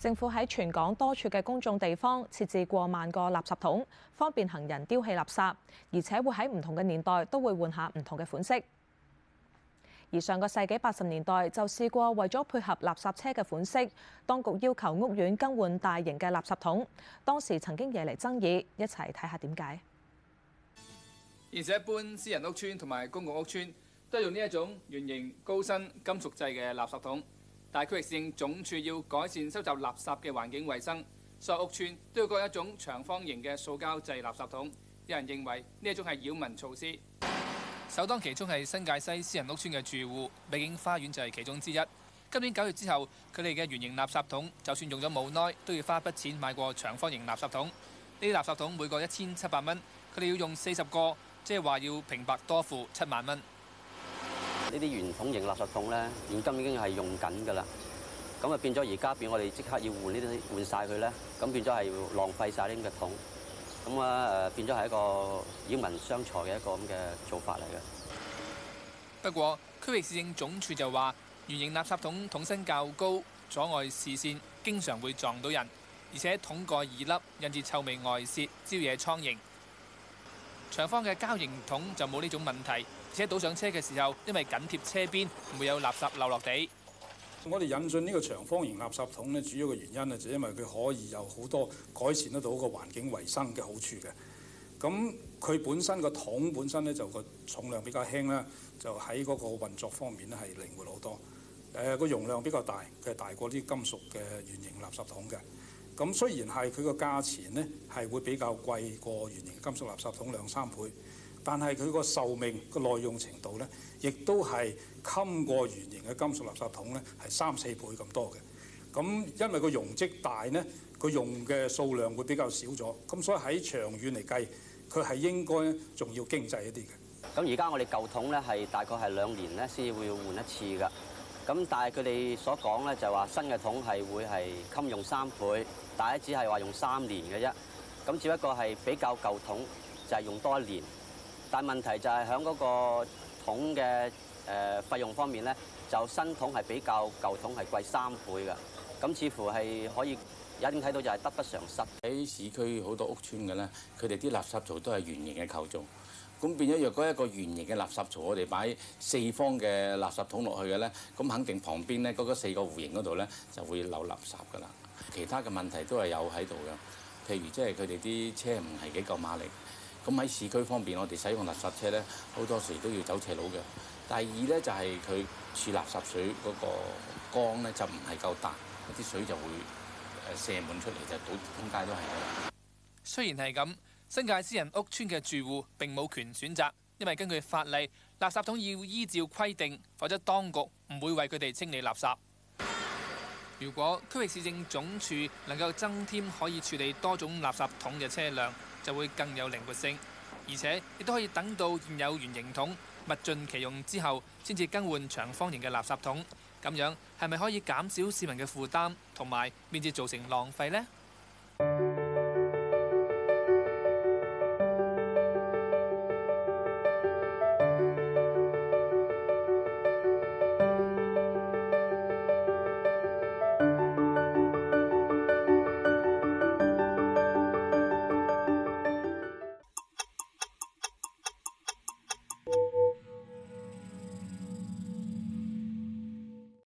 政府喺全港多處嘅公眾地方設置過萬個垃圾桶，方便行人丟棄垃圾，而且會喺唔同嘅年代都會換下唔同嘅款式。而上個世紀八十年代就試過為咗配合垃圾車嘅款式，當局要求屋苑更換大型嘅垃圾桶，當時曾經惹嚟爭議。一齊睇下點解。現時一般私人屋邨同埋公共屋邨都用呢一種圓形高身金屬製嘅垃圾桶。但係區域市政總署要改善收集垃圾嘅環境衞生，所有屋邨都要裝一種長方形嘅塑膠製垃圾桶。有人認為呢一種係擾民措施。首當其衝係新界西私人屋邨嘅住戶，美景花園就係其中之一。今年九月之後，佢哋嘅圓形垃圾桶就算用咗冇耐都要花筆錢買過長方形垃圾桶。呢啲垃圾桶每個一千七百蚊，佢哋要用四十個，即係話要平白多付七萬蚊。呢啲圓筒型垃圾桶咧，現今已經係用緊㗎啦，咁啊變咗而家變，我哋即刻要換,換呢啲換晒佢咧，咁變咗係浪費曬呢個桶，咁啊誒變咗係一個擾民傷財嘅一個咁嘅做法嚟嘅。不過區域市政總署就話，圓形垃圾桶桶身較高，阻礙視線，經常會撞到人，而且桶蓋易凹，引致臭味外泄，招惹蒼蠅。長方嘅膠形桶就冇呢種問題，而且倒上車嘅時候，因為緊貼車邊，唔會有垃圾流落地。我哋引進呢個長方形垃圾桶呢，主要嘅原因呢，就是、因為佢可以有好多改善得到一個環境衞生嘅好處嘅。咁佢本身個桶本身呢，就個重量比較輕啦，就喺嗰個運作方面咧係靈活好多。誒、呃，個容量比較大，佢係大過啲金屬嘅圓形垃圾桶嘅。咁雖然係佢個價錢呢，係會比較貴過圓形金屬垃圾桶兩三倍，但係佢個壽命個耐用程度呢，亦都係襟過圓形嘅金屬垃圾桶呢係三四倍咁多嘅。咁因為個容積大呢，佢用嘅數量會比較少咗，咁所以喺長遠嚟計，佢係應該仲要經濟一啲嘅。咁而家我哋舊桶呢係大概係兩年呢先會換一次㗎。咁但係佢哋所講咧，就話新嘅桶係會係襟用三倍，但係只係話用三年嘅啫。咁只不過係比較舊桶就係、係、用多一年，但係問題就係喺嗰個桶嘅誒、呃、費用方面咧，就新桶係比較舊桶係貴三倍㗎。咁似乎係可以有一點睇到就係得不償失。喺市區好多屋邨嘅咧，佢哋啲垃圾槽都係圓形嘅構造。咁變咗若果一個圓形嘅垃圾槽，我哋擺四方嘅垃圾桶落去嘅呢，咁肯定旁邊呢嗰個四個弧形嗰度呢，就會漏垃圾㗎啦。其他嘅問題都係有喺度嘅，譬如即係佢哋啲車唔係幾夠馬力，咁喺市區方面，我哋使用垃圾車呢，好多時都要走斜路嘅。第二呢，就係佢儲垃圾水嗰個缸呢，就唔係夠大，啲水就會射滿出嚟，就倒通街都係。雖然係咁。新界私人屋邨嘅住戶並冇權選擇，因為根據法例，垃圾桶要依照規定，否則當局唔會為佢哋清理垃圾。如果區域市政總署能夠增添可以處理多種垃圾桶嘅車輛，就會更有靈活性，而且亦都可以等到現有圓形桶物盡其用之後，先至更換長方形嘅垃圾桶。咁樣係咪可以減少市民嘅負擔，同埋免至造成浪費呢？